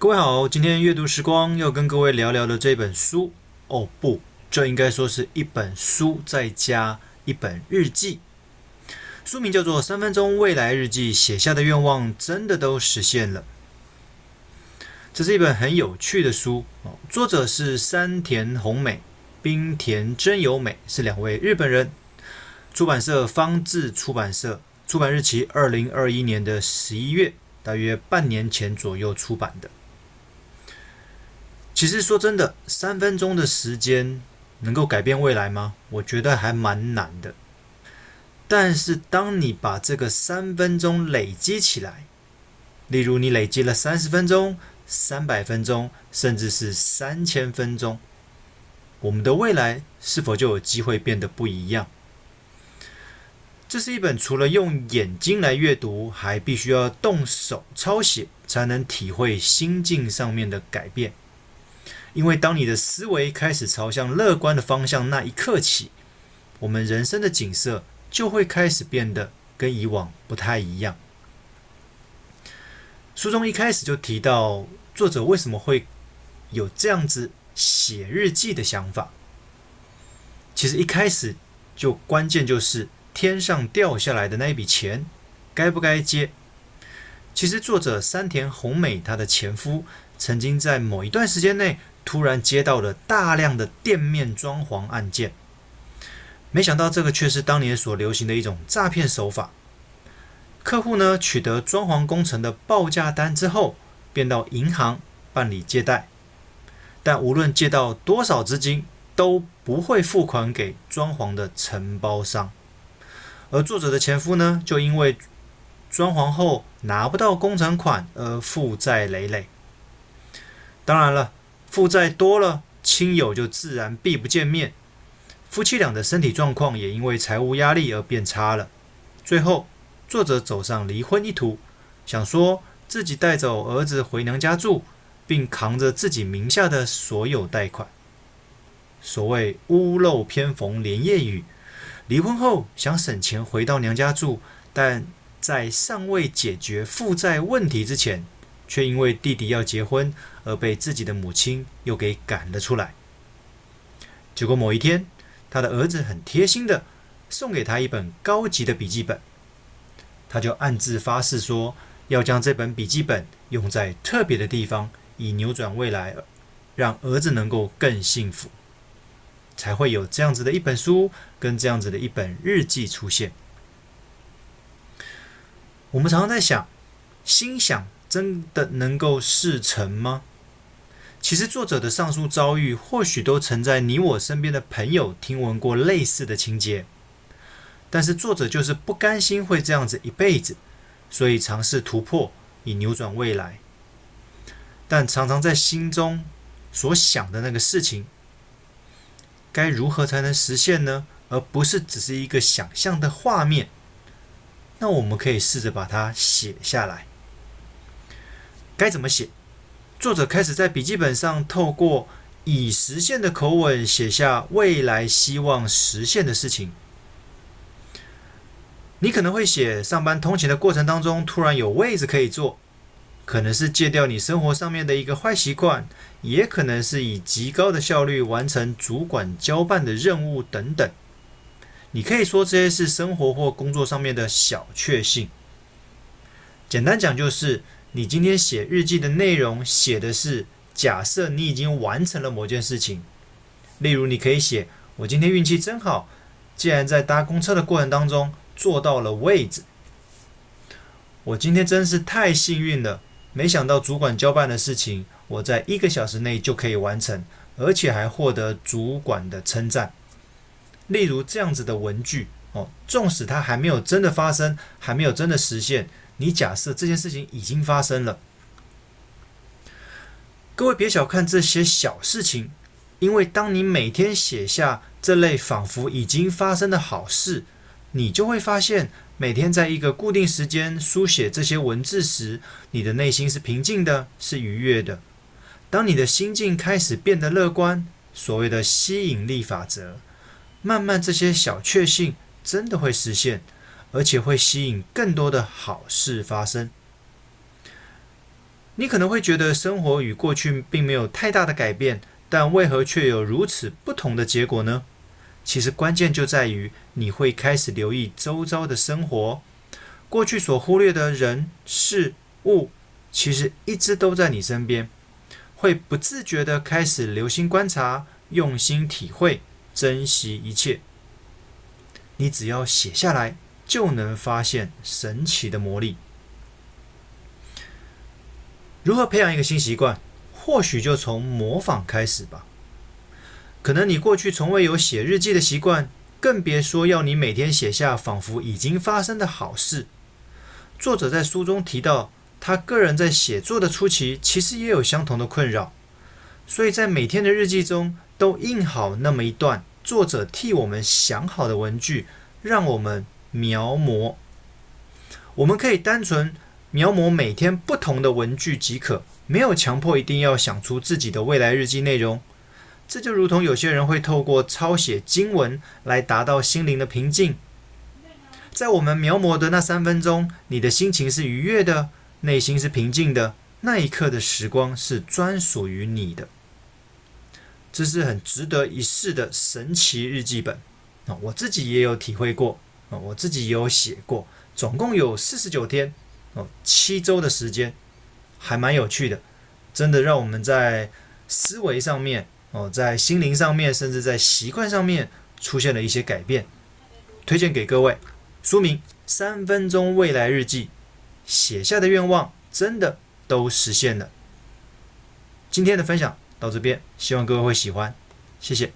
各位好，今天閱讀時光要跟各位聊聊的這本書，哦不，這應該說是一本書再加一本日記。書名叫做《三分鐘未來日記》，寫下的願望真的都實現了。這是一本很有趣的書，作者是山田宏美、濱田真由美，是兩位日本人。出版社方智出版社，出版日期二零二一年的十一月，大約半年前左右出版的。其實說真的，三分鐘的時間能夠改變未來嗎？我覺得還蠻難的。但是當你把這個三分鐘累積起來，例如你累積了三十分鐘、三百分鐘，甚至是三千分鐘，我們的未來是否就有機會變得不一樣？這是一本除了用眼睛來閱讀，還必須要動手抄寫，才能體會心境上面的改變。因為當你的思維開始朝向樂觀的方向那一刻起，我們人生的景色就會開始變得跟以往不太一樣。書中一開始就提到作者為什麼會有這樣子寫日記的想法，其實一開始就關鍵就是天上掉下來的那一筆錢該不該接。其實作者山田紅美她的前夫曾經在某一段時間內，突然接到了大量的店面裝潢案件，沒想到這個卻是當年所流行的一種詐騙手法。客戶呢，取得裝潢工程的報價單之後，便到銀行辦理借貸，但無論借到多少資金，都不會付款給裝潢的承包商。而作者的前夫呢，就因為裝潢後拿不到工程款而負債累累。當然了。負債多了，親友就自然避不見面，夫妻倆的身體狀況也因為財務壓力而變差了。最後，作者走上離婚一途，想說自己帶走兒子回娘家住，並扛着自己名下的所有貸款。所謂屋漏偏逢連夜雨，離婚後想省錢回到娘家住，但在尚未解決負債問題之前。卻因為弟弟要結婚而被自己的母親又給趕了出來。結果某一天，他的兒子很貼心地送給他一本高級的筆記本，他就暗自發誓說要將這本筆記本用在特別的地方，以扭轉未來，讓兒子能夠更幸福，才會有這樣子的一本書跟這樣子的一本日記出現。我們常常在想，心想。真的能夠事成嗎？其實作者的上述遭遇，或許都曾在你我身邊的朋友聽聞過類似的情節。但是作者就是不甘心會這樣子一輩子，所以嘗試突破以扭轉未來。但常常在心中所想的那個事情，該如何才能實現呢？而不是只是一個想象的畫面。那我們可以試着把它寫下來。該怎麼寫？作者開始在筆記本上，透過已實現的口吻寫下未來希望實現的事情。你可能會寫上班通勤的過程當中，突然有位置可以坐；可能是戒掉你生活上面的一個壞習慣，也可能是以極高的效率完成主管交辦的任務等等。你可以說這些是生活或工作上面的小確幸。簡單講就是。你今天寫日記的內容寫的是假設你已經完成了某件事情，例如你可以寫：我今天運氣真好，竟然在搭公車的過程當中坐到了位置。我今天真是太幸運了，沒想到主管交辦的事情，我在一個小時內就可以完成，而且還獲得主管的稱讚。例如這樣子的文句，哦，縱使它還沒有真的發生，還沒有真的實現。你假設這件事情已經發生了，各位別小看這些小事情，因為當你每天寫下這類仿佛已經發生的好事，你就會發現每天在一個固定時間書寫這些文字時，你的內心是平靜的，是愉悅的。當你的心境開始變得樂觀，所謂的吸引力法則，慢慢這些小確幸真的會實現。而且會吸引更多的好事發生。你可能會覺得生活與過去並沒有太大的改變，但為何卻有如此不同的結果呢？其實關鍵就在於你會開始留意周遭的生活，過去所忽略的人事物，其實一直都在你身邊，會不自覺地開始留心觀察，用心體會，珍惜一切。你只要寫下來。就能發現神奇的魔力。如何培養一個新習慣，或許就從模仿開始吧。可能你過去從未有寫日記的習慣，更別說要你每天寫下仿佛已經發生的好事。作者在書中提到，他個人在寫作的初期，其實也有相同的困擾，所以在每天的日記中都印好那麼一段作者替我們想好的文句，讓我們。描摹，我們可以單純描摹每天不同的文具即可，沒有強迫一定要想出自己的未來日記內容。這就如同有些人會透過抄寫經文來達到心靈的平靜。在我們描摹的那三分鐘，你的心情是愉悅的，內心是平靜的，那一刻的時光是專屬於你的。這是很值得一試的神奇日記本啊、哦！我自己也有體會過。我自己也有寫過，總共有四十九天，哦，七周的時間，還蠻有趣的，真的讓我們在思維上面，哦，在心靈上面，甚至在習慣上面，出現了一些改變。推薦給各位，書名《三分鐘未來日記》，寫下的願望真的都實現了。今天的分享到這邊，希望各位會喜歡，謝謝。